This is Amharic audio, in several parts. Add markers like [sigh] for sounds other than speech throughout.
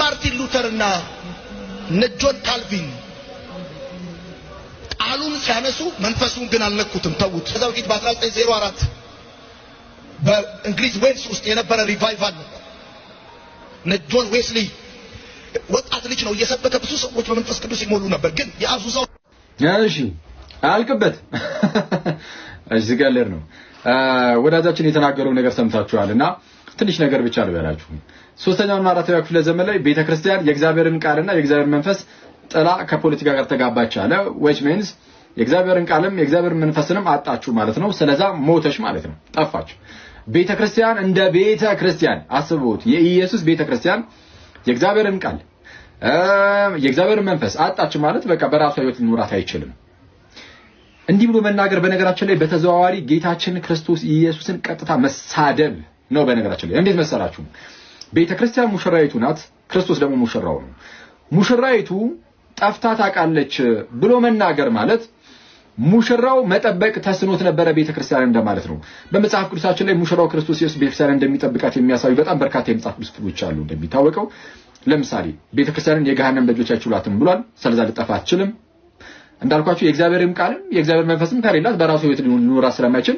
ማርቲን ሉተርና እነ ጆን ካልቪን ቃሉን ሲያነሱ መንፈሱን ግን አልነኩትም፣ ተዉት። ከዛ በፊት በ1904 በእንግሊዝ ዌልስ ውስጥ የነበረ ሪቫይቫል ነው። እነ ጆን ዌስሊ ወጣት ልጅ ነው እየሰበከ ብዙ ሰዎች በመንፈስ ቅዱስ ይሞሉ ነበር። ግን ሰው እሺ አልቅበት [laughs] እዚህ ጋር ነው ወዳጃችን የተናገረው ነገር ሰምታችኋል እና ትንሽ ነገር ብቻ ልበላችሁ። ሶስተኛውና አራተኛው ክፍለ ዘመን ላይ ቤተክርስቲያን የእግዚአብሔርን ቃልና የእግዚአብሔር መንፈስ ጥላ ከፖለቲካ ጋር ተጋባች አለ። ዊች ሚንስ የእግዚአብሔርን ቃልም የእግዚአብሔር መንፈስንም አጣችሁ ማለት ነው። ስለዛ ሞተች ማለት ነው፣ ጠፋች። ቤተክርስቲያን እንደ ቤተክርስቲያን አስቡት፣ የኢየሱስ ቤተክርስቲያን የእግዚአብሔርን ቃል የእግዚአብሔር መንፈስ አጣች ማለት በቃ በራሷ ህይወት ሊኖራት አይችልም። እንዲህ ብሎ መናገር በነገራችን ላይ በተዘዋዋሪ ጌታችን ክርስቶስ ኢየሱስን ቀጥታ መሳደብ ነው። በነገራችን ላይ እንዴት መሰላችሁ? ቤተ ክርስቲያን ሙሽራይቱ ናት፣ ክርስቶስ ደግሞ ሙሽራው ነው። ሙሽራይቱ ጠፍታ ታውቃለች ብሎ መናገር ማለት ሙሽራው መጠበቅ ተስኖት ነበረ ቤተ ክርስቲያን እንደማለት ነው። በመጽሐፍ ቅዱሳችን ላይ ሙሽራው ክርስቶስ ኢየሱስ ቤተ ክርስቲያን እንደሚጠብቃት የሚያሳዩ በጣም በርካታ የመጽሐፍ ቅዱስ ክፍሎች አሉ። እንደሚታወቀው ለምሳሌ ቤተ ክርስቲያንን የገሃነም ደጆች አይችሏትም ብሏል። ስለዛ ልጠፋ አትችልም እንዳልኳቸው የእግዚአብሔርም ቃልም የእግዚአብሔር መንፈስም ከሌላት በራሱ ህይወት ሊኖራ ስለማይችል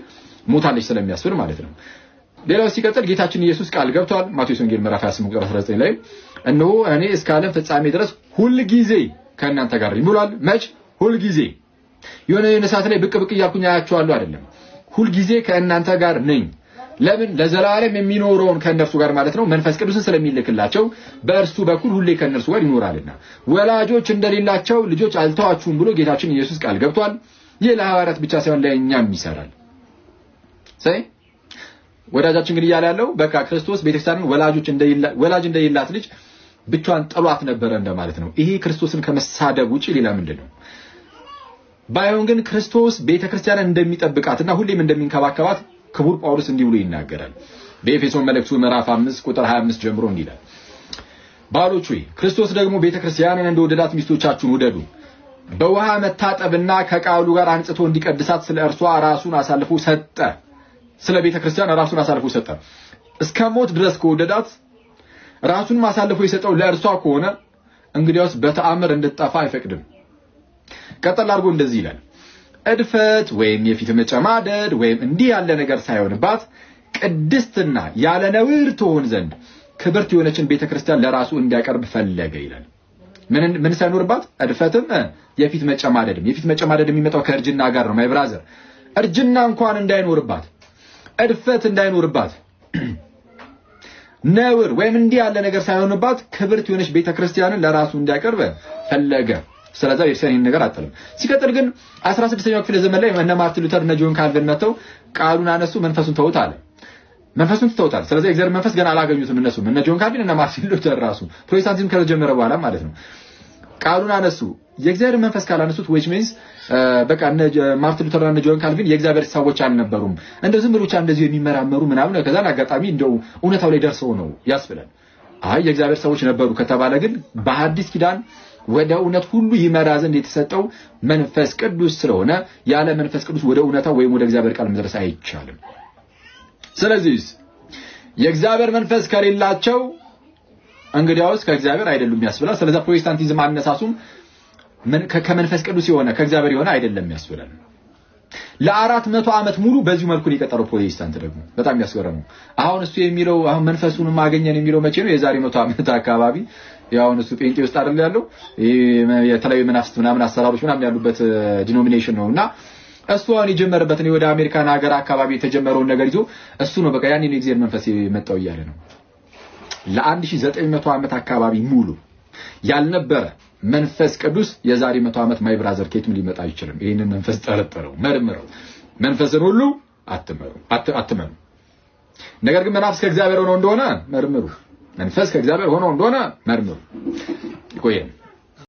ሞታለች ስለሚያስብል ማለት ነው። ሌላው ሲቀጥል ጌታችን ኢየሱስ ቃል ገብቷል። ማቴዎስ ወንጌል ምዕራፍ 28 ቁጥር 19 ላይ እነሆ እኔ እስከ ዓለም ፍጻሜ ድረስ ጊዜ ከእናንተ ጋር ነኝ ብሏል። መች ሁልጊዜ ጊዜ የሆነ ሰዓት ላይ ብቅ ብቅ እያልኩኝ አያቸዋለሁ አይደለም፣ ጊዜ ከእናንተ ጋር ነኝ። ለምን ለዘላለም የሚኖረውን ከእነርሱ ጋር ማለት ነው መንፈስ ቅዱስን ስለሚልክላቸው በእርሱ በኩል ሁሌ ከእነርሱ ጋር ይኖራልና ወላጆች እንደሌላቸው ልጆች አልተዋችሁም ብሎ ጌታችን ኢየሱስ ቃል ገብቷል። ይህ ለሐዋርያት ብቻ ሳይሆን ለእኛም ይሰራል። ሰይ ወዳጃችን ግን እያለ ያለው በቃ ክርስቶስ ቤተክርስቲያንን ወላጆች ወላጅ እንደሌላት ልጅ ብቻዋን ጥሏት ነበረ እንደማለት ነው። ይሄ ክርስቶስን ከመሳደብ ውጪ ሌላ ምንድን ነው? ባይሆን ግን ክርስቶስ ቤተክርስቲያንን እንደሚጠብቃትና ሁሌም እንደሚንከባከባት ክቡር ጳውሎስ እንዲህ ብሎ ይናገራል። በኤፌሶን መልእክቱ ምዕራፍ 5 ቁጥር 25 ጀምሮ እንዲህ ይላል፣ ባሎች ሆይ ክርስቶስ ደግሞ ቤተክርስቲያንን እንደወደዳት ሚስቶቻችሁን ውደዱ። በውሃ መታጠብና ከቃሉ ጋር አንጽቶ እንዲቀድሳት ስለ እርሷ ራሱን አሳልፎ ሰጠ። ስለ ቤተ ክርስቲያን ራሱን አሳልፎ ሰጠ። እስከ ሞት ድረስ ከወደዳት ራሱን አሳልፎ የሰጠው ለእርሷ ከሆነ እንግዲያውስ በተአምር እንድትጠፋ አይፈቅድም። ቀጠል አድርጎ እንደዚህ ይላል። እድፈት ወይም የፊት መጨማደድ ወይም እንዲህ ያለ ነገር ሳይሆንባት ቅድስትና ያለ ነውር ትሆን ዘንድ ክብርት የሆነችን ቤተክርስቲያን ለራሱ እንዲያቀርብ ፈለገ ይላል። ምን ሳይኖርባት እድፈትም የፊት መጨማደድም። የፊት መጨማደድ የሚመጣው ከእርጅና ጋር ነው። ማይብራዘር እርጅና እንኳን እንዳይኖርባት እድፈት እንዳይኖርባት ነውር ወይም እንዲህ ያለ ነገር ሳይሆንባት ክብርት የሆነች ቤተክርስቲያንን ለራሱ እንዲያቀርብ ፈለገ። ስለዚህ ቤተክርስቲያን ይህን ነገር አጠለም። ሲቀጥል ግን 16ኛው ክፍለ ዘመን ላይ እነ ማርቲን ሉተር እነ ጆን ካልቪን መጥተው ቃሉን አነሱ፣ መንፈሱን ተውት አለ። መንፈሱን ትተውታል። ስለዚህ እግዚአብሔር መንፈስ ገና አላገኙትም። እነሱም እነ ጆን ካልቪን እነ ማርቲን ሉተር ራሱ ፕሮቴስታንቲዝም ከተጀመረ በኋላ ማለት ነው። ቃሉን አነሱ የእግዚአብሔር መንፈስ ካላነሱት which means በቃ እነ ማርቲን ሉተርና እነ ጆን ካልቪን የእግዚአብሔር ሰዎች አልነበሩም። እንደው ዝም ብሎ ብቻ እንደዚህ የሚመራመሩ ምናምን ከዛን አጋጣሚ እንደው እውነታው ላይ ደርሰው ነው ያስብላል። አይ የእግዚአብሔር ሰዎች ነበሩ ከተባለ ግን በሐዲስ ኪዳን ወደ እውነት ሁሉ ይመራ ዘንድ የተሰጠው መንፈስ ቅዱስ ስለሆነ ያለ መንፈስ ቅዱስ ወደ እውነታ ወይም ወደ እግዚአብሔር ቃል መድረስ አይቻልም። ስለዚህ የእግዚአብሔር መንፈስ ከሌላቸው እንግዲያውስ ከእግዚአብሔር አይደሉም ያስብላል። ስለዚህ ፕሮቴስታንቲዝም አነሳሱም ከመንፈስ ቅዱስ የሆነ ከእግዚአብሔር የሆነ አይደለም ያስብላል። ለአራት መቶ ዓመት ሙሉ በዚሁ መልኩ የቀጠለው ፕሮቴስታንት ደግሞ በጣም ያስገረሙ። አሁን እሱ የሚለው አሁን መንፈሱን ማገኘን የሚለው መቼ ነው? የዛሬ መቶ ዓመት አካባቢ አሁን እሱ ጴንጤ ውስጥ አይደል ያለው የተለያዩ መናፍስት ምናምን አሰራሮች ምናምን ያሉበት ዲኖሚኔሽን ነውና እሱ አሁን የጀመረበት ነው። ወደ አሜሪካን ሀገር አካባቢ የተጀመረውን ነገር ይዞ እሱ ነው በቃ ያኔ የእግዚአብሔር መንፈስ የመጣው እያለ ነው። ለ1900 ዓመት አካባቢ ሙሉ ያልነበረ መንፈስ ቅዱስ የዛሬ መቶ ዓመት ማይ ብራዘር ኬትም ሊመጣ አይችልም። ይህንን መንፈስ ጠረጠረው፣ መርምረው። መንፈስን ሁሉ አትመኑ። ነገር ግን መናፍስ ከእግዚአብሔር ሆኖ እንደሆነ መርምሩ። መንፈስ ከእግዚአብሔር ሆኖ እንደሆነ መርምሩ። ይቆየን።